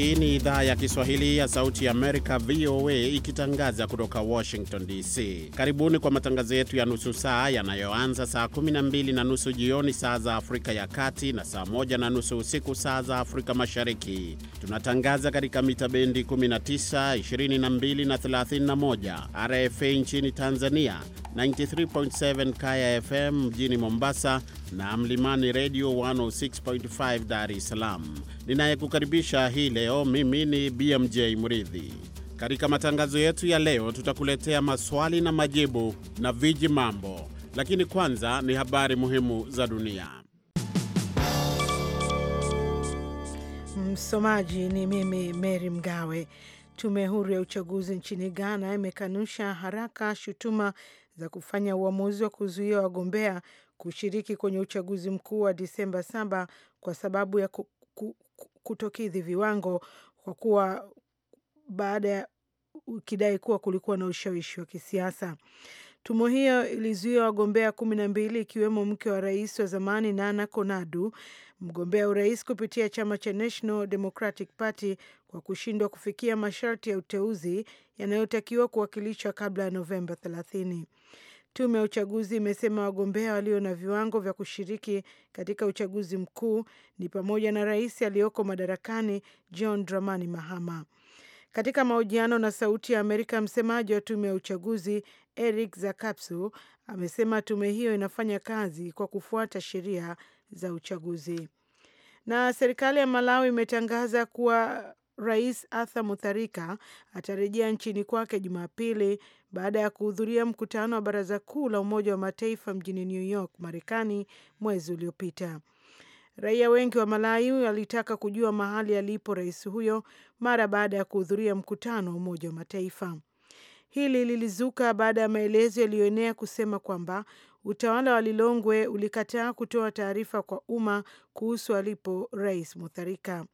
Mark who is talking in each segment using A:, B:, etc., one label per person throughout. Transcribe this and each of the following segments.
A: Bye. Hii ni idhaa ya Kiswahili ya Sauti ya Amerika, VOA, ikitangaza kutoka Washington DC. Karibuni kwa matangazo yetu ya nusu saa yanayoanza saa 12 na nusu jioni saa za Afrika ya Kati na saa 1 na nusu usiku saa za Afrika Mashariki. Tunatangaza katika mita bendi 19, 22 na 31, RFA nchini Tanzania 93.7 Kaya FM mjini Mombasa na Mlimani Radio 106.5 Dar es Salaam. Ninayekukaribisha hii leo mimi ni BMJ Mridhi. Katika matangazo yetu ya leo, tutakuletea maswali na majibu na viji mambo, lakini kwanza ni habari muhimu za dunia.
B: Msomaji ni mimi Mary Mgawe. Tume huru ya uchaguzi nchini Ghana imekanusha haraka shutuma za kufanya uamuzi wa kuzuia wagombea kushiriki kwenye uchaguzi mkuu wa Disemba 7 kwa sababu ya kutokidhi viwango kwa kuwa baada ya ukidai kuwa kulikuwa na ushawishi wa kisiasa. tumo hiyo ilizuia wagombea kumi na mbili ikiwemo mke wa rais wa zamani Nana Konadu, mgombea urais kupitia chama cha National Democratic Party, kwa kushindwa kufikia masharti ya uteuzi yanayotakiwa kuwakilishwa kabla ya Novemba thelathini Tume ya uchaguzi imesema wagombea walio na viwango vya kushiriki katika uchaguzi mkuu ni pamoja na rais aliyoko madarakani John Dramani Mahama. Katika mahojiano na Sauti ya Amerika, msemaji wa tume ya uchaguzi Eric Zakapsu amesema tume hiyo inafanya kazi kwa kufuata sheria za uchaguzi. Na serikali ya Malawi imetangaza kuwa Rais Arthur Mutharika atarejea nchini kwake Jumapili baada ya kuhudhuria mkutano wa Baraza Kuu la Umoja wa Mataifa mjini New York, Marekani, mwezi uliopita. Raia wengi wa Malawi walitaka kujua mahali alipo rais huyo mara baada ya kuhudhuria mkutano wa Umoja wa Mataifa. Hili lilizuka baada ya maelezo yaliyoenea kusema kwamba utawala wa Lilongwe ulikataa kutoa taarifa kwa umma kuhusu alipo Rais Mutharika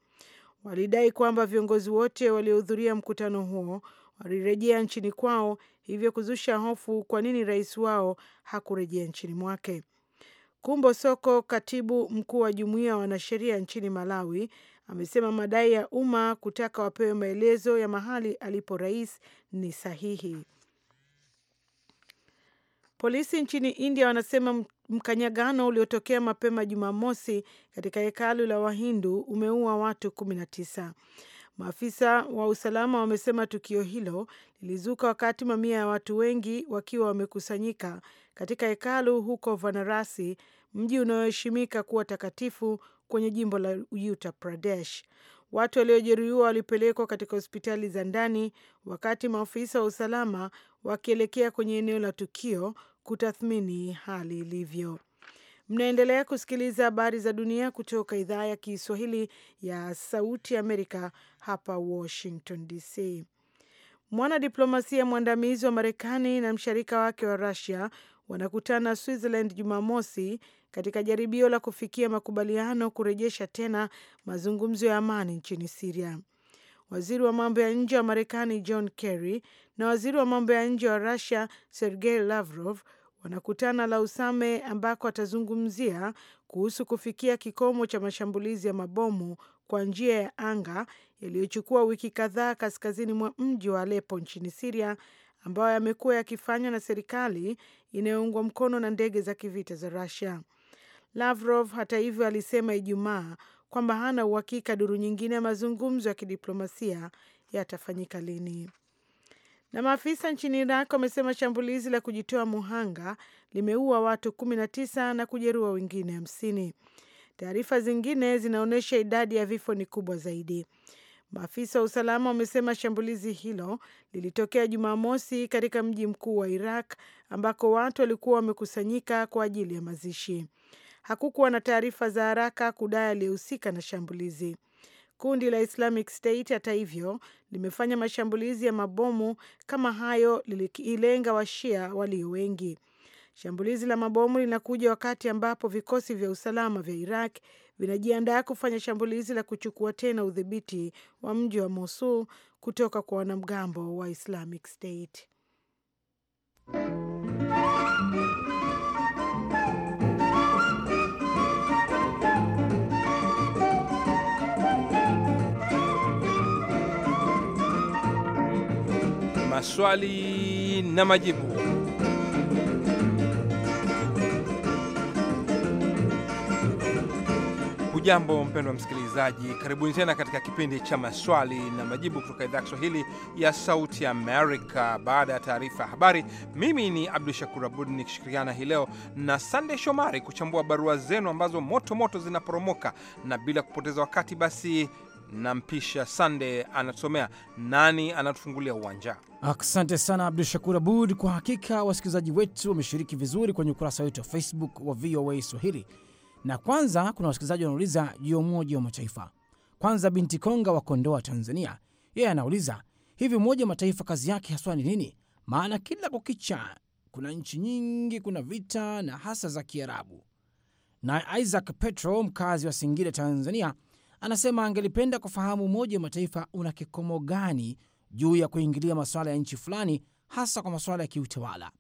B: walidai kwamba viongozi wote waliohudhuria mkutano huo walirejea nchini kwao, hivyo kuzusha hofu kwa nini rais wao hakurejea nchini mwake. Kumbo Soko, katibu mkuu wa jumuiya ya wanasheria nchini Malawi, amesema madai ya umma kutaka wapewe maelezo ya mahali alipo rais ni sahihi. Polisi nchini India wanasema mkanyagano uliotokea mapema Jumamosi katika hekalu la Wahindu umeua watu 19. Maafisa wa usalama wamesema tukio hilo lilizuka wakati mamia ya watu wengi wakiwa wamekusanyika katika hekalu huko Vanarasi, mji unaoheshimika kuwa takatifu kwenye jimbo la Uttar Pradesh. Watu waliojeruhiwa walipelekwa katika hospitali za ndani, wakati maafisa wa usalama wakielekea kwenye eneo la tukio kutathmini hali ilivyo. Mnaendelea kusikiliza habari za dunia kutoka idhaa ya Kiswahili ya Sauti Amerika, hapa Washington DC. Mwanadiplomasia mwandamizi wa Marekani na mshirika wake wa Rusia wanakutana Switzerland Jumamosi katika jaribio la kufikia makubaliano kurejesha tena mazungumzo ya amani nchini Siria. Waziri wa mambo ya nje wa Marekani John Kerry na waziri wa mambo ya nje wa Rusia Sergei Lavrov wanakutana usame ambako atazungumzia kuhusu kufikia kikomo cha mashambulizi ya mabomu kwa njia ya anga yaliyochukua wiki kadhaa kaskazini mwa mji wa alepo nchini Siria, ambayo yamekuwa yakifanywa na serikali inayoungwa mkono na ndege za kivita za Rusia. Lavrov hata hivyo alisema Ijumaa kwamba hana uhakika duru nyingine ya mazungumzo ya kidiplomasia yatafanyika lini. Na maafisa nchini Iraq wamesema shambulizi la kujitoa muhanga limeua watu 19 na kujeruha wengine hamsini. Taarifa zingine zinaonyesha idadi ya vifo ni kubwa zaidi. Maafisa wa usalama wamesema shambulizi hilo lilitokea Jumamosi katika mji mkuu wa Iraq ambako watu walikuwa wamekusanyika kwa ajili ya mazishi hakukuwa na taarifa za haraka kudai aliyehusika na shambulizi. Kundi la Islamic State hata hivyo limefanya mashambulizi ya mabomu kama hayo lilenga washia walio wengi. Shambulizi la mabomu linakuja wakati ambapo vikosi vya usalama vya Iraq vinajiandaa kufanya shambulizi la kuchukua tena udhibiti wa mji wa Mosul kutoka kwa wanamgambo wa Islamic State.
C: maswali na majibu. Jambo mpendwa msikilizaji, karibuni tena katika kipindi cha maswali na majibu kutoka idhaa Kiswahili ya Sauti Amerika. Baada ya taarifa ya habari, mimi ni Abdu Shakur Abud nikishirikiana hii leo na sandey Shomari kuchambua barua zenu ambazo moto moto zinaporomoka. Na bila kupoteza wakati, basi nampisha sande anatusomea nani anatufungulia uwanja.
D: Asante sana Abdu Shakur Abud. Kwa hakika wasikilizaji wetu wameshiriki vizuri kwenye ukurasa wetu wa Facebook wa VOA Swahili, na kwanza kuna wasikilizaji wanauliza juu ya Umoja wa Mataifa. Kwanza binti Konga wa Kondoa, Tanzania, yeye anauliza hivi, Umoja wa Mataifa kazi yake haswa ni nini? Maana kila kukicha kuna nchi nyingi, kuna vita na hasa za Kiarabu. Naye Isaac Petro, mkazi wa Singida, Tanzania, anasema angelipenda kufahamu Umoja wa Mataifa una kikomo gani juu ya kuingilia masuala ya nchi fulani, hasa kwa masuala ya kiutawala.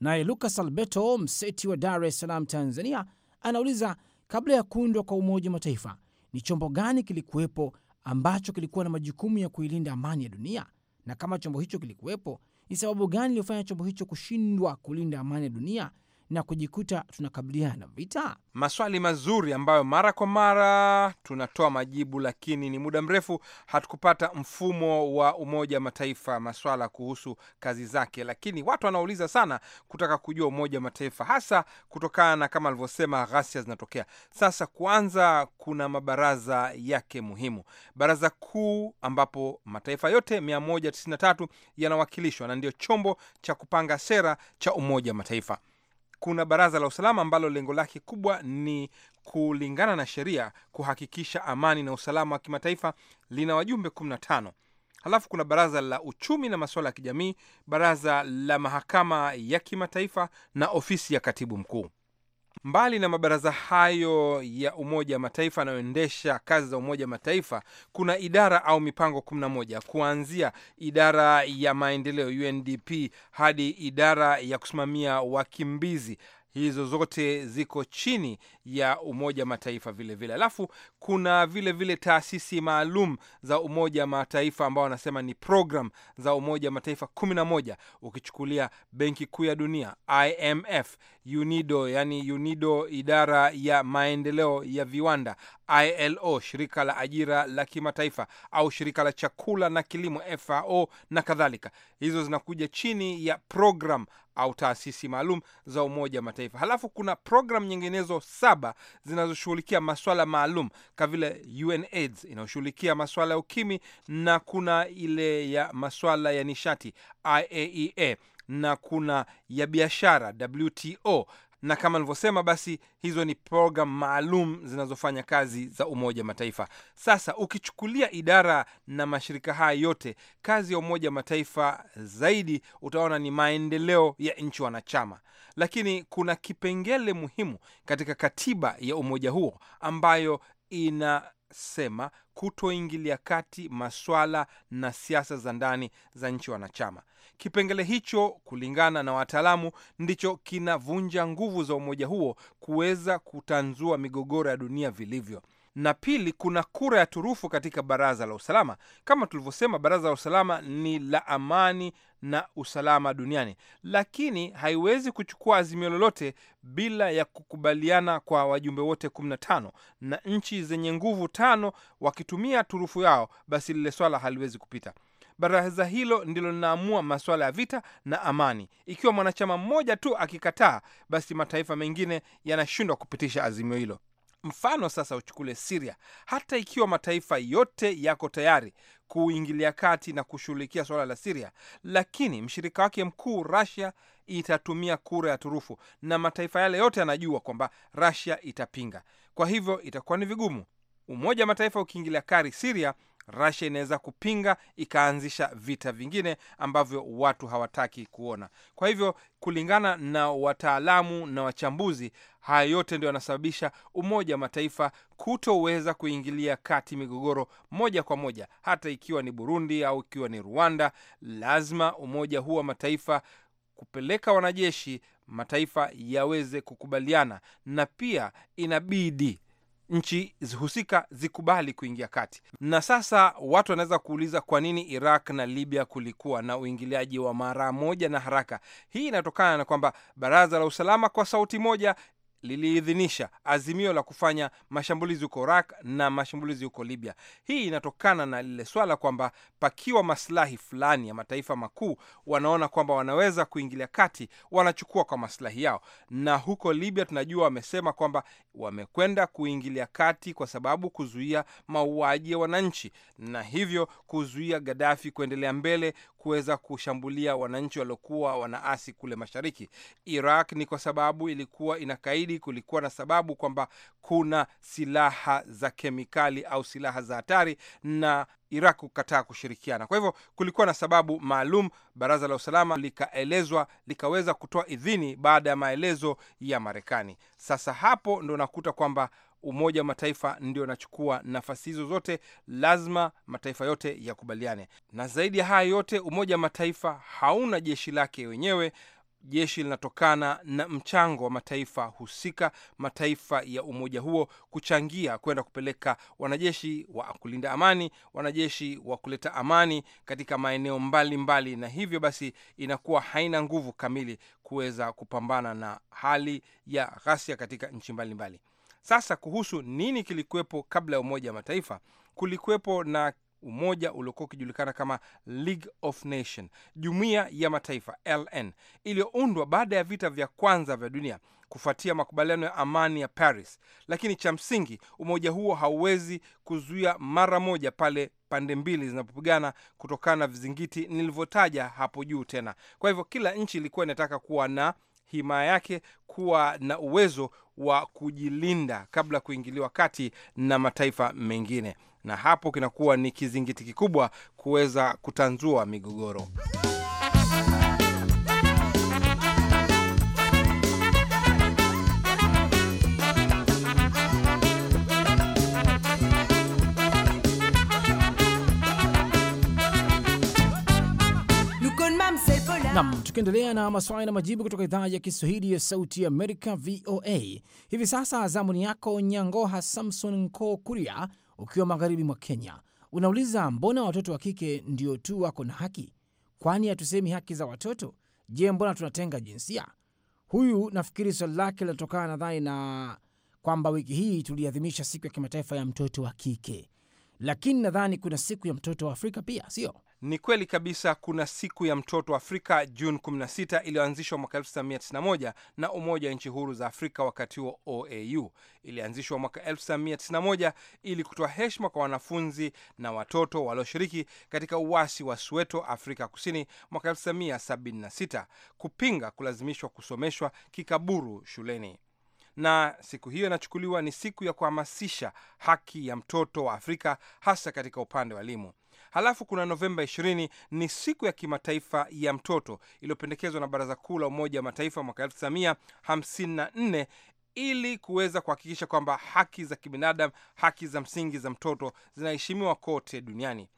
D: Naye Lucas Alberto, mseti wa Dar es Salaam, Tanzania, anauliza kabla ya kuundwa kwa Umoja wa Mataifa ni chombo gani kilikuwepo ambacho kilikuwa na majukumu ya kuilinda amani ya dunia, na kama chombo hicho kilikuwepo, ni sababu gani iliyofanya chombo hicho kushindwa kulinda amani ya dunia na kujikuta tunakabiliana vita?
C: Maswali mazuri ambayo mara kwa mara tunatoa majibu, lakini ni muda mrefu hatukupata mfumo wa Umoja wa Mataifa maswala kuhusu kazi zake, lakini watu wanauliza sana kutaka kujua Umoja wa Mataifa, hasa kutokana na kama alivyosema ghasia zinatokea sasa. Kwanza kuna mabaraza yake muhimu, Baraza Kuu ambapo mataifa yote 193 yanawakilishwa na ndio chombo cha kupanga sera cha Umoja wa Mataifa kuna baraza la usalama ambalo lengo lake kubwa ni kulingana na sheria kuhakikisha amani na usalama wa kimataifa, lina wajumbe 15. Halafu kuna baraza la uchumi na masuala ya kijamii, baraza la mahakama ya kimataifa na ofisi ya katibu mkuu. Mbali na mabaraza hayo ya Umoja wa Mataifa yanayoendesha kazi za Umoja wa Mataifa, kuna idara au mipango 11 kuanzia idara ya maendeleo UNDP hadi idara ya kusimamia wakimbizi hizo zote ziko chini ya Umoja Mataifa vilevile. Alafu Kuna vilevile vile taasisi maalum za Umoja Mataifa ambao wanasema ni program za Umoja Mataifa kumi na moja, ukichukulia Benki Kuu ya Dunia, IMF, UNIDO, yani UNIDO idara ya maendeleo ya viwanda, ILO, shirika la ajira la kimataifa au shirika la chakula na kilimo FAO na kadhalika. Hizo zinakuja chini ya program au taasisi maalum za Umoja wa Mataifa. Halafu kuna programu nyinginezo saba zinazoshughulikia maswala maalum kama vile UNAIDS inayoshughulikia maswala ya ukimwi na kuna ile ya maswala ya nishati IAEA e na kuna ya biashara WTO na kama nilivyosema, basi hizo ni programu maalum zinazofanya kazi za Umoja Mataifa. Sasa ukichukulia idara na mashirika haya yote, kazi ya Umoja Mataifa zaidi utaona ni maendeleo ya nchi wanachama, lakini kuna kipengele muhimu katika katiba ya umoja huo ambayo inasema kutoingilia kati maswala na siasa za ndani za nchi wanachama. Kipengele hicho kulingana na wataalamu ndicho kinavunja nguvu za umoja huo kuweza kutanzua migogoro ya dunia vilivyo. Na pili, kuna kura ya turufu katika baraza la usalama. Kama tulivyosema, baraza la usalama ni la amani na usalama duniani, lakini haiwezi kuchukua azimio lolote bila ya kukubaliana kwa wajumbe wote 15 na nchi zenye nguvu tano wakitumia turufu yao, basi lile swala haliwezi kupita baraza hilo ndilo linaamua masuala ya vita na amani. Ikiwa mwanachama mmoja tu akikataa, basi mataifa mengine yanashindwa kupitisha azimio hilo. Mfano sasa uchukule Siria. Hata ikiwa mataifa yote yako tayari kuingilia kati na kushughulikia suala la Siria, lakini mshirika wake mkuu rasia itatumia kura ya turufu, na mataifa yale yote yanajua kwamba rasia itapinga. Kwa hivyo itakuwa ni vigumu. Umoja wa Mataifa ukiingilia kari Siria Russia inaweza kupinga ikaanzisha vita vingine ambavyo watu hawataki kuona. Kwa hivyo, kulingana na wataalamu na wachambuzi, haya yote ndio yanasababisha Umoja wa Mataifa kutoweza kuingilia kati migogoro moja kwa moja, hata ikiwa ni Burundi au ikiwa ni Rwanda. Lazima umoja huu wa mataifa kupeleka wanajeshi, mataifa yaweze kukubaliana, na pia inabidi nchi husika zikubali kuingia kati. Na sasa watu wanaweza kuuliza kwa nini Iraq na Libya kulikuwa na uingiliaji wa mara moja na haraka? Hii inatokana na kwamba baraza la usalama kwa sauti moja liliidhinisha azimio la kufanya mashambulizi huko Iraq na mashambulizi huko Libya. Hii inatokana na lile swala kwamba pakiwa maslahi fulani ya mataifa makuu, wanaona kwamba wanaweza kuingilia kati, wanachukua kwa maslahi yao. Na huko Libya tunajua wamesema kwamba wamekwenda kuingilia kati kwa sababu kuzuia mauaji ya wananchi, na hivyo kuzuia Gaddafi kuendelea mbele kuweza kushambulia wananchi waliokuwa wanaasi kule mashariki. Iraq ni kwa sababu ilikuwa inakaidi zaidi kulikuwa na sababu kwamba kuna silaha za kemikali au silaha za hatari na Iraq kukataa kushirikiana. Kwa hivyo kulikuwa na sababu maalum, baraza la usalama likaelezwa, likaweza kutoa idhini baada ya maelezo ya Marekani. Sasa hapo ndo nakuta kwamba Umoja wa Mataifa ndio unachukua nafasi hizo zote, lazima mataifa yote yakubaliane. Na zaidi ya haya yote, Umoja wa Mataifa hauna jeshi lake wenyewe jeshi linatokana na mchango wa mataifa husika, mataifa ya umoja huo kuchangia kwenda kupeleka wanajeshi wa kulinda amani, wanajeshi wa kuleta amani katika maeneo mbalimbali mbali, na hivyo basi inakuwa haina nguvu kamili kuweza kupambana na hali ya ghasia katika nchi mbalimbali mbali. Sasa kuhusu nini kilikuwepo kabla ya Umoja wa Mataifa, kulikuwepo na umoja uliokuwa ukijulikana kama League of Nation, jumuiya ya mataifa LN, iliyoundwa baada ya vita vya kwanza vya dunia kufuatia makubaliano ya amani ya Paris. Lakini cha msingi, umoja huo hauwezi kuzuia mara moja pale pande mbili zinapopigana kutokana na vizingiti nilivyotaja hapo juu tena. Kwa hivyo kila nchi ilikuwa inataka kuwa na himaya yake, kuwa na uwezo wa kujilinda kabla ya kuingiliwa kati na mataifa mengine na hapo kinakuwa ni kizingiti kikubwa kuweza kutanzua migogoro.
D: Nam, tukiendelea na maswali na majibu kutoka idhaa ya Kiswahili ya Sauti ya Amerika, VOA. Hivi sasa zamuni yako Nyangoha Samson Nko Kuria ukiwa magharibi mwa Kenya, unauliza mbona watoto wa kike ndio tu wako na haki? Kwani hatusemi haki za watoto? Je, mbona tunatenga jinsia? Huyu nafikiri swali lake linatokana nadhani na kwamba wiki hii tuliadhimisha siku ya kimataifa ya mtoto wa kike, lakini nadhani kuna siku ya mtoto wa Afrika pia, sio?
C: Ni kweli kabisa. Kuna siku ya mtoto Afrika Juni 16 iliyoanzishwa mwaka 1991 na Umoja wa Nchi Huru za Afrika, wakati huo OAU. Ilianzishwa mwaka 1991 ili kutoa heshima kwa wanafunzi na watoto walioshiriki katika uasi wa sueto Afrika Kusini, mwaka 1976 kupinga kulazimishwa kusomeshwa kikaburu shuleni na siku hiyo inachukuliwa ni siku ya kuhamasisha haki ya mtoto wa Afrika hasa katika upande wa elimu. Halafu kuna Novemba 20 ni siku ya kimataifa ya mtoto iliyopendekezwa na Baraza Kuu la Umoja wa Mataifa mwaka 1954 ili kuweza kuhakikisha kwamba haki za kibinadamu, haki za msingi za mtoto zinaheshimiwa kote duniani.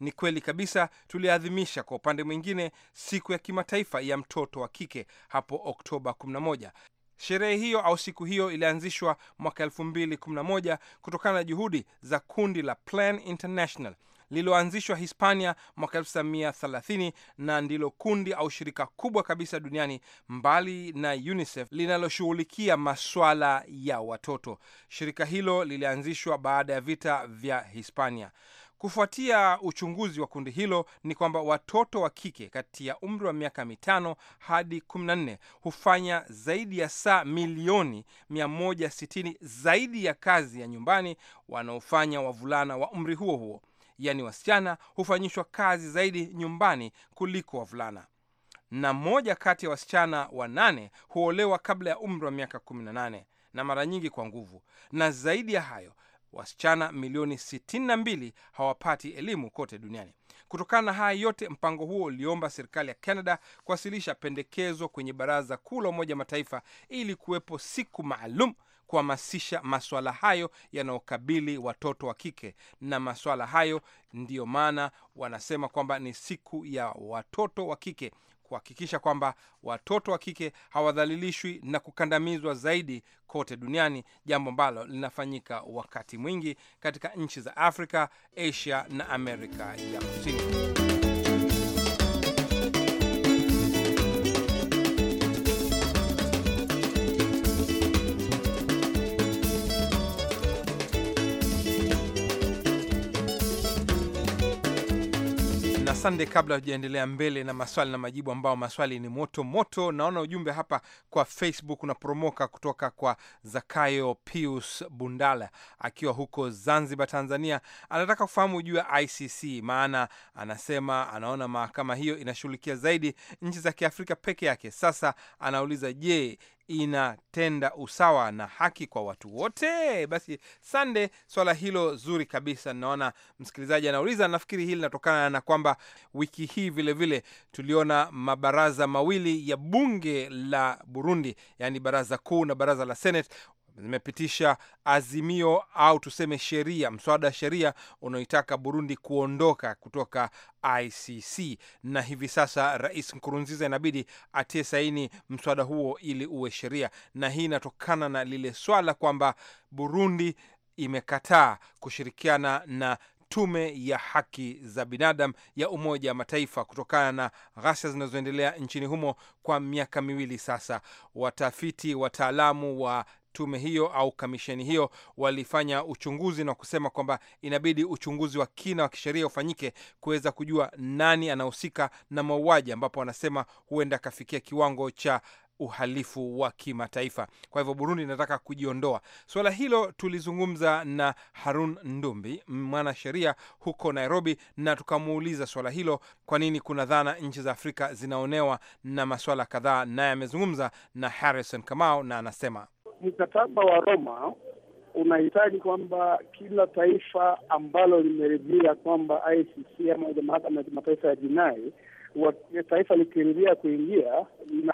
C: Ni kweli kabisa, tuliadhimisha kwa upande mwingine siku ya kimataifa ya mtoto wa kike hapo Oktoba 11. Sherehe hiyo au siku hiyo ilianzishwa mwaka 2011 kutokana na juhudi za kundi la Plan International lililoanzishwa Hispania mwaka 1930 na ndilo kundi au shirika kubwa kabisa duniani mbali na UNICEF linaloshughulikia maswala ya watoto. Shirika hilo lilianzishwa baada ya vita vya Hispania. Kufuatia uchunguzi wa kundi hilo ni kwamba watoto wa kike kati ya umri wa miaka mitano hadi 14 hufanya zaidi ya saa milioni 160 zaidi ya kazi ya nyumbani wanaofanya wavulana wa umri huo huo yaani wasichana, hufanyishwa kazi zaidi nyumbani kuliko wavulana na mmoja kati ya wasichana wanane huolewa kabla ya umri wa miaka 18 na mara nyingi kwa nguvu. Na zaidi ya hayo, wasichana milioni 62 hawapati elimu kote duniani. Kutokana na haya yote, mpango huo uliomba serikali ya Canada kuwasilisha pendekezo kwenye Baraza Kuu la Umoja Mataifa ili kuwepo siku maalum kuhamasisha maswala hayo yanayokabili watoto wa kike, na maswala hayo ndiyo maana wanasema kwamba ni siku ya watoto wa kike, kuhakikisha kwamba watoto wa kike hawadhalilishwi na kukandamizwa zaidi kote duniani, jambo ambalo linafanyika wakati mwingi katika nchi za Afrika, Asia na Amerika ya Kusini. Asante. Kabla hujaendelea mbele na maswali na majibu, ambao maswali ni moto moto, naona ujumbe hapa kwa Facebook unapromoka kutoka kwa Zakayo Pius Bundala akiwa huko Zanzibar, Tanzania. Anataka kufahamu juu ya ICC, maana anasema anaona mahakama hiyo inashughulikia zaidi nchi za Kiafrika peke yake. Sasa anauliza, je, inatenda usawa na haki kwa watu wote? Basi sande, swala hilo zuri kabisa. Naona msikilizaji anauliza, nafikiri hili linatokana na kwamba wiki hii vilevile vile, tuliona mabaraza mawili ya bunge la Burundi, yaani baraza kuu na baraza la Senate zimepitisha azimio au tuseme sheria, mswada wa sheria unaoitaka Burundi kuondoka kutoka ICC, na hivi sasa Rais Nkurunziza inabidi atie saini mswada huo ili uwe sheria, na hii inatokana na lile swala kwamba Burundi imekataa kushirikiana na tume ya haki za binadamu ya Umoja wa Mataifa kutokana na ghasia zinazoendelea nchini humo kwa miaka miwili sasa. Watafiti wataalamu wa tume hiyo au kamisheni hiyo walifanya uchunguzi na kusema kwamba inabidi uchunguzi wa kina wa kisheria ufanyike kuweza kujua nani anahusika na mauaji, ambapo wanasema huenda akafikia kiwango cha uhalifu wa kimataifa. Kwa hivyo Burundi inataka kujiondoa. Suala hilo tulizungumza na Harun Ndumbi, mwanasheria huko Nairobi, na tukamuuliza suala hilo, kwa nini kuna dhana nchi za Afrika zinaonewa na maswala kadhaa, naye amezungumza na Harrison Kamau na anasema
E: mkataba wa Roma unahitaji kwamba kila taifa ambalo limeridhia kwamba ICC ama ile mahakama ya kimataifa ya jinai, taifa likiridhia kuingia na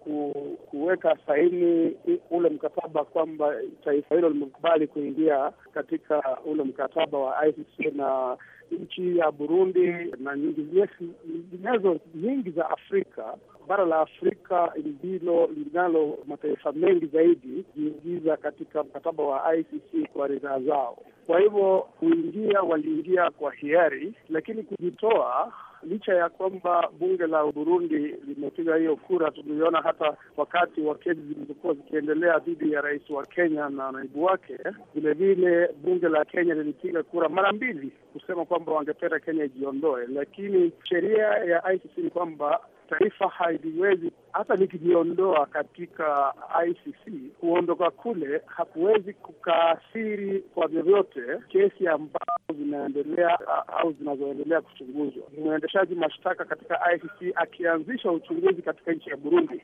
E: ku, kuweka saini ule mkataba kwamba taifa hilo limekubali kuingia katika ule mkataba wa ICC na nchi ya Burundi na nyinginezo nyingi za Afrika. Bara la Afrika ndilo linalo mataifa mengi zaidi kujiingiza katika mkataba wa ICC kwa ridhaa zao. Kwa hivyo kuingia, waliingia kwa hiari, lakini kujitoa licha ya kwamba bunge la Burundi limepiga hiyo kura, tuliona hata wakati wa kesi zilizokuwa zikiendelea dhidi ya rais wa Kenya na naibu wake, vilevile bunge la Kenya lilipiga kura mara mbili kusema kwamba wangependa Kenya ijiondoe, lakini sheria ya ICC ni kwamba taifa haliwezi hata likijiondoa katika ICC, kuondoka kule hakuwezi kukaathiri kwa vyovyote kesi ambazo zinaendelea au zinazoendelea kuchunguzwa. Mwendeshaji mashtaka katika ICC akianzisha uchunguzi katika nchi ya Burundi,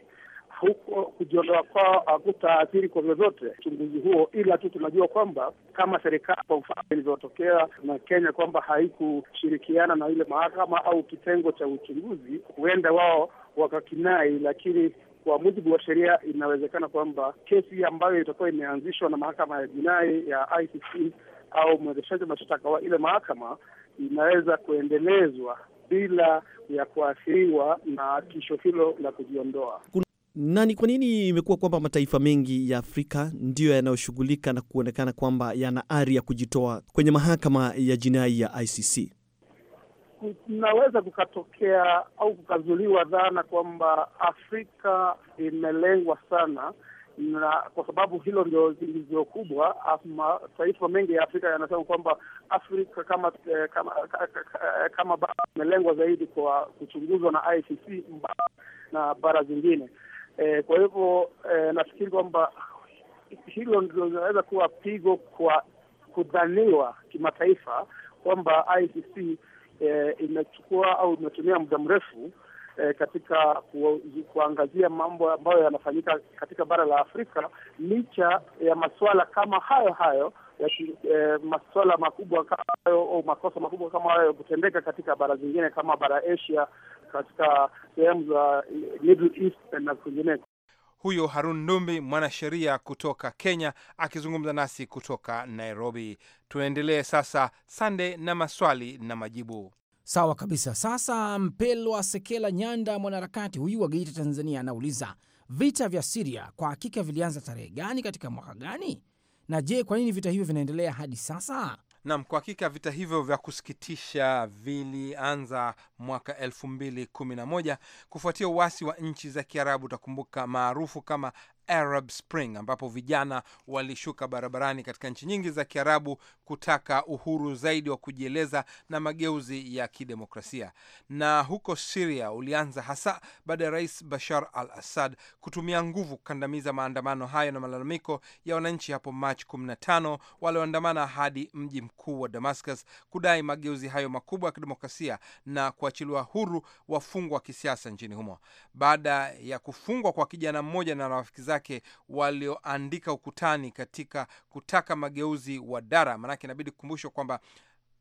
E: huko kujiondoa kwao hakutaathiri kwa vyovyote uchunguzi huo, ila tu tunajua kwamba kama serikali, kwa mfano ilivyotokea na Kenya, kwamba haikushirikiana na ile mahakama au kitengo cha uchunguzi, huenda wao wakakinai, lakini kwa mujibu wa sheria inawezekana kwamba kesi ambayo itakuwa imeanzishwa na mahakama ya jinai ya ICC au mwendeshaji mashtaka wa ile mahakama inaweza kuendelezwa bila ya kuathiriwa na tisho hilo la kujiondoa
A: na ni kwa nini imekuwa kwamba mataifa mengi ya Afrika ndiyo yanayoshughulika na kuonekana kwamba yana ari ya kujitoa kwenye mahakama ya jinai ya ICC?
E: Kunaweza kukatokea au kukazuliwa dhana kwamba Afrika imelengwa sana, na kwa sababu hilo ndio ilivyo kubwa, mataifa mengi ya Afrika yanasema kwamba Afrika kama eh, kama eh, kama imelengwa zaidi kwa kuchunguzwa na ICC na bara zingine eh, kwa hivyo eh, nafikiri kwamba hilo ndio linaweza kuwa pigo kwa kudhaniwa kimataifa kwamba ICC eh, imechukua au imetumia muda mrefu eh, katika ku, kuangazia mambo ambayo yanafanyika katika bara la Afrika licha ya masuala kama hayo hayo ya eh, masuala makubwa kama hayo au makosa makubwa kama hayo kutendeka katika bara zingine kama bara Asia
C: katika sehemu za Middle East na kwingineko. Huyo Harun Ndumbi, mwanasheria kutoka Kenya, akizungumza nasi kutoka Nairobi. Tuendelee sasa Sande na maswali na majibu.
D: Sawa kabisa. Sasa Mpelwa Sekela Nyanda, mwanaharakati huyu wa Geita, Tanzania, anauliza vita vya Siria kwa hakika vilianza tarehe gani katika mwaka gani, na je, kwa nini vita hivyo vinaendelea hadi sasa?
C: Nam, kwa hakika vita hivyo vya kusikitisha vilianza mwaka elfu mbili kumi na moja kufuatia uasi wa nchi za Kiarabu, utakumbuka, maarufu kama Arab Spring ambapo vijana walishuka barabarani katika nchi nyingi za Kiarabu kutaka uhuru zaidi wa kujieleza na mageuzi ya kidemokrasia. Na huko Syria ulianza hasa baada ya Rais Bashar al-Assad kutumia nguvu kukandamiza maandamano hayo na malalamiko ya wananchi hapo Machi 15 walioandamana hadi mji mkuu wa Damascus kudai mageuzi hayo makubwa ya kidemokrasia na kuachiliwa huru wafungwa wa kisiasa nchini humo. Baada ya kufungwa kwa kijana mmoja na rafiki zake walioandika ukutani katika kutaka mageuzi wa Dara. Maanake inabidi kukumbushwa kwamba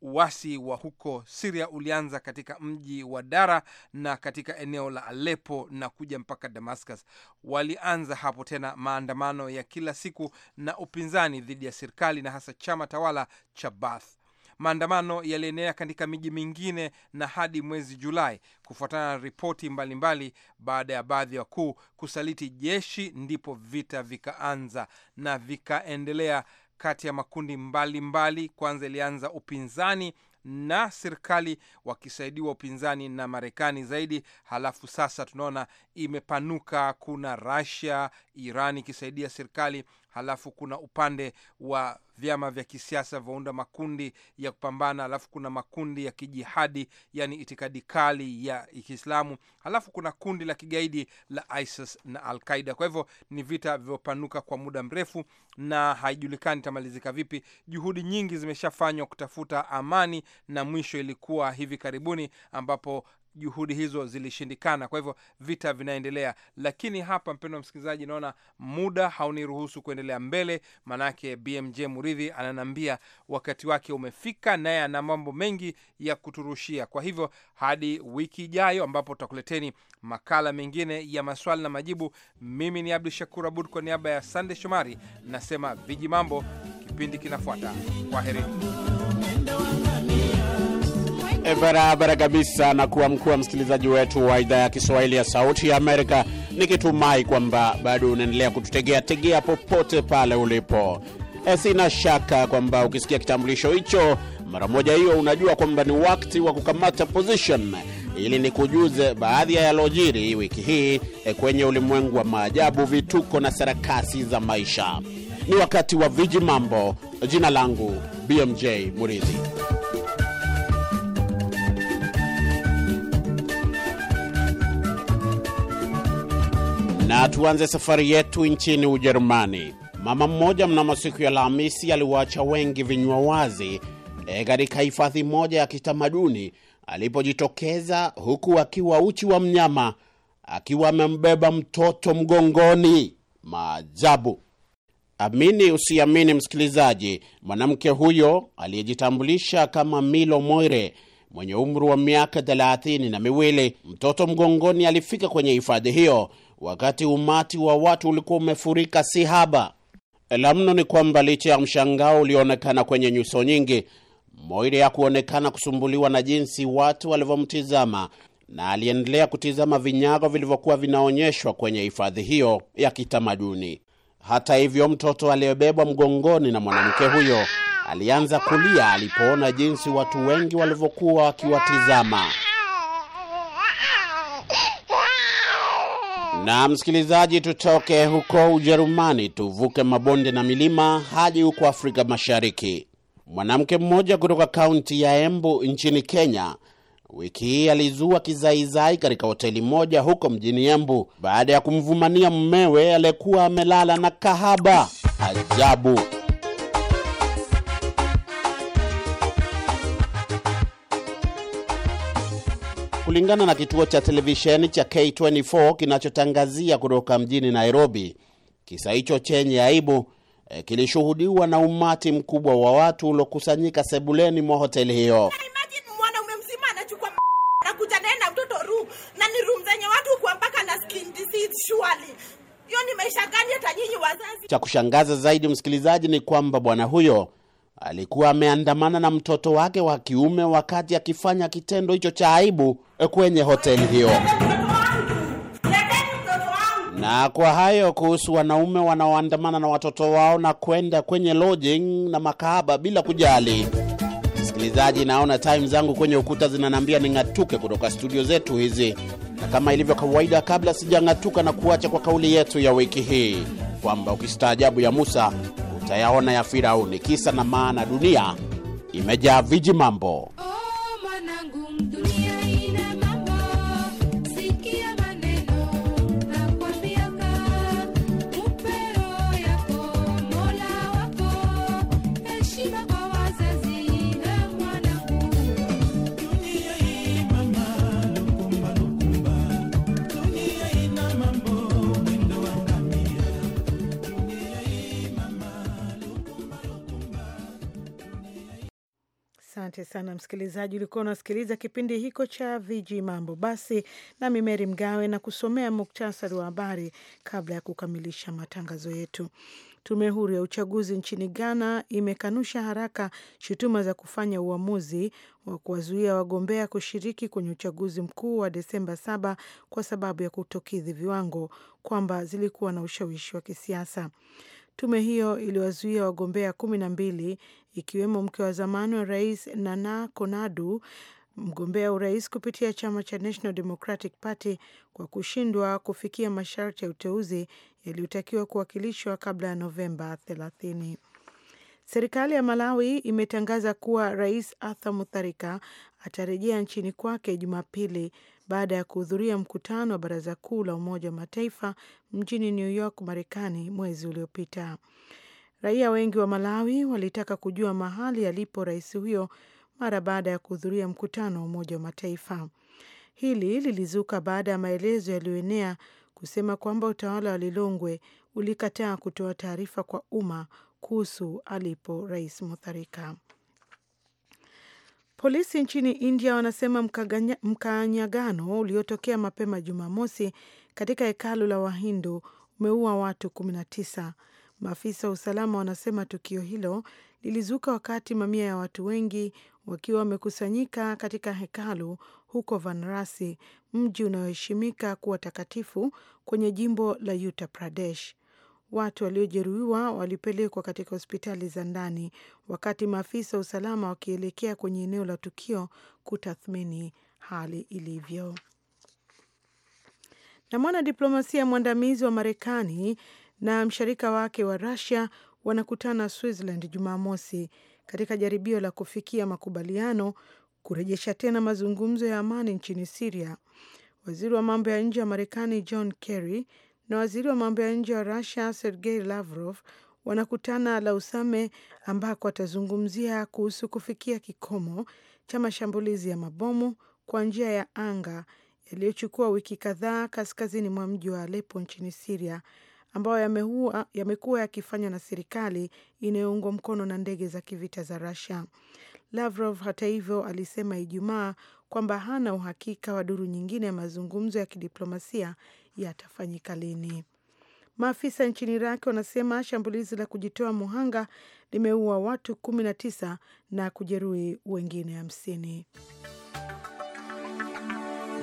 C: uasi wa huko Siria ulianza katika mji wa Dara na katika eneo la Alepo na kuja mpaka Damascus. Walianza hapo tena maandamano ya kila siku na upinzani dhidi ya serikali na hasa chama tawala cha Baath. Maandamano yalienea katika miji mingine na hadi mwezi Julai kufuatana na ripoti mbalimbali, baada ya baadhi ya wakuu kusaliti jeshi, ndipo vita vikaanza na vikaendelea kati ya makundi mbalimbali mbali. Kwanza ilianza upinzani na serikali wakisaidiwa upinzani na Marekani zaidi, halafu sasa tunaona imepanuka. Kuna Russia, Iran ikisaidia serikali, halafu kuna upande wa vyama vya kisiasa vaunda makundi ya kupambana, halafu kuna makundi ya kijihadi, yani itikadi kali ya Kiislamu, halafu kuna kundi la kigaidi la ISIS na Al-Qaida. Kwa hivyo ni vita vilivyopanuka kwa muda mrefu na haijulikani itamalizika vipi. Juhudi nyingi zimeshafanywa kutafuta amani na mwisho ilikuwa hivi karibuni ambapo juhudi hizo zilishindikana. Kwa hivyo vita vinaendelea, lakini hapa, mpendo wa msikilizaji, naona muda hauniruhusu kuendelea mbele, maanake BMJ Muridhi ananiambia wakati wake umefika, naye ana mambo mengi ya kuturushia. Kwa hivyo hadi wiki ijayo, ambapo tutakuleteni makala mengine ya maswali na majibu. Mimi ni Abdu Shakur Abud kwa niaba ya Sande Shomari nasema viji mambo, kipindi kinafuata. kwa Kwaheri
A: barabara kabisa na kuwa mkuu wa msikilizaji wetu wa idhaa ya Kiswahili ya Sauti ya Amerika, nikitumai kwamba bado unaendelea kututegea tegea popote pale ulipo. E, sina shaka kwamba ukisikia kitambulisho hicho mara moja hiyo unajua kwamba ni wakti wa kukamata position ili ni kujuze baadhi ya yalojiri wiki hii eh, kwenye ulimwengu wa maajabu, vituko na sarakasi za maisha. Ni wakati wa viji mambo. Jina langu BMJ muridhi Na tuanze safari yetu nchini Ujerumani. Mama mmoja mnamo siku ya Alhamisi aliwaacha wengi vinywa wazi e, katika hifadhi moja ya kitamaduni alipojitokeza huku akiwa uchi wa mnyama akiwa amembeba mtoto mgongoni. Maajabu! Amini usiamini, msikilizaji, mwanamke huyo aliyejitambulisha kama Milo Moire mwenye umri wa miaka thelathini na miwili, mtoto mgongoni, alifika kwenye hifadhi hiyo wakati umati wa watu ulikuwa umefurika si haba. La mno ni kwamba licha ya mshangao ulioonekana kwenye nyuso nyingi, Moire hakuonekana kusumbuliwa na jinsi watu walivyomtizama na aliendelea kutizama vinyago vilivyokuwa vinaonyeshwa kwenye hifadhi hiyo ya kitamaduni. Hata hivyo, mtoto aliyebebwa mgongoni na mwanamke huyo alianza kulia alipoona jinsi watu wengi walivyokuwa wakiwatizama. Na msikilizaji, tutoke huko Ujerumani tuvuke mabonde na milima hadi huko Afrika Mashariki. Mwanamke mmoja kutoka kaunti ya Embu nchini Kenya wiki hii alizua kizaizai katika hoteli moja huko mjini Embu baada ya kumvumania mmewe aliyekuwa amelala na kahaba. Ajabu! Kulingana na kituo cha televisheni cha K24 kinachotangazia kutoka mjini Nairobi, kisa hicho chenye aibu eh, kilishuhudiwa na umati mkubwa wa watu uliokusanyika sebuleni mwa hoteli hiyo. Cha kushangaza zaidi, msikilizaji, ni kwamba bwana huyo alikuwa ameandamana na mtoto wake wa kiume wakati akifanya kitendo hicho cha aibu eh, kwenye hoteli hiyo. Na kwa hayo kuhusu wanaume wanaoandamana na watoto wao na kwenda kwenye lodging na makahaba bila kujali. Msikilizaji, naona time zangu kwenye ukuta zinanaambia ning'atuke kutoka studio zetu hizi, na kama ilivyo kawaida, kabla sijang'atuka na kuacha kwa kauli yetu ya wiki hii kwamba ukistaajabu ya Musa utayaona ya Firauni. Kisa na maana, dunia imejaa viji mambo.
B: Asante sana msikilizaji, ulikuwa unasikiliza kipindi hiko cha Viji Mambo. Basi nami Meri Mgawe na kusomea muktasari wa habari kabla ya kukamilisha matangazo yetu. Tume huru ya uchaguzi nchini Ghana imekanusha haraka shutuma za kufanya uamuzi wa kuwazuia wagombea kushiriki kwenye uchaguzi mkuu wa Desemba saba kwa sababu ya kutokidhi viwango kwamba zilikuwa na ushawishi wa kisiasa. Tume hiyo iliwazuia wagombea kumi na mbili ikiwemo mke wa zamani wa rais Nana Konadu, mgombea urais kupitia chama cha National Democratic Party kwa kushindwa kufikia masharti ya uteuzi yaliyotakiwa kuwakilishwa kabla ya Novemba 30. Serikali ya Malawi imetangaza kuwa Rais Arthur Mutharika atarejea nchini kwake Jumapili baada ya kuhudhuria mkutano wa Baraza Kuu la Umoja wa Mataifa mjini New York, Marekani, mwezi uliopita. Raia wengi wa Malawi walitaka kujua mahali alipo rais huyo mara baada ya kuhudhuria mkutano wa Umoja wa Mataifa. Hili lilizuka baada ya maelezo yaliyoenea kusema kwamba utawala wa Lilongwe ulikataa kutoa taarifa kwa umma kuhusu alipo Rais Mutharika. Polisi nchini India wanasema mkanyagano uliotokea mapema Jumamosi katika hekalu la Wahindu umeua watu 19. Maafisa wa usalama wanasema tukio hilo lilizuka wakati mamia ya watu wengi wakiwa wamekusanyika katika hekalu huko vanrasi mji unaoheshimika kuwa takatifu kwenye jimbo la Uttar Pradesh. Watu waliojeruhiwa walipelekwa katika hospitali za ndani, wakati maafisa wa usalama wakielekea kwenye eneo la tukio kutathmini hali ilivyo. Na mwanadiplomasia mwandamizi wa Marekani na mshirika wake wa Rusia wanakutana Switzerland Jumamosi katika jaribio la kufikia makubaliano kurejesha tena mazungumzo ya amani nchini Siria. Waziri wa mambo ya nje wa Marekani John Kerry na waziri wa mambo ya nje wa Rusia Sergei Lavrov wanakutana usame ambako watazungumzia kuhusu kufikia kikomo cha mashambulizi ya mabomu kwa njia ya anga yaliyochukua wiki kadhaa kaskazini mwa mji wa alepo nchini siria ambayo yamekuwa yakifanywa na serikali inayoungwa mkono na ndege za kivita za rasia Lavrov hata hivyo alisema Ijumaa kwamba hana uhakika wa duru nyingine ya mazungumzo ya kidiplomasia yatafanyika lini. Maafisa nchini Iraq wanasema shambulizi la kujitoa muhanga limeua watu 19 na kujeruhi wengine hamsini.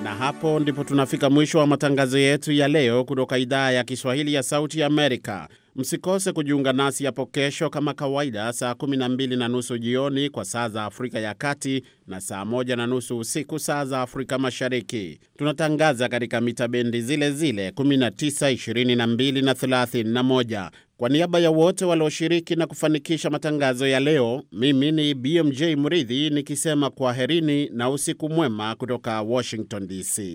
A: Na hapo ndipo tunafika mwisho wa matangazo yetu ya leo kutoka idhaa ya Kiswahili ya Sauti Amerika. Msikose kujiunga nasi hapo kesho kama kawaida, saa 12 na nusu jioni kwa saa za Afrika ya Kati na saa 1 na nusu usiku saa za Afrika Mashariki. Tunatangaza katika mita bendi zile zile 19, 22 na 31. Kwa niaba ya wote walioshiriki na kufanikisha matangazo ya leo, mimi ni BMJ Mridhi nikisema kwaherini na usiku mwema kutoka Washington DC.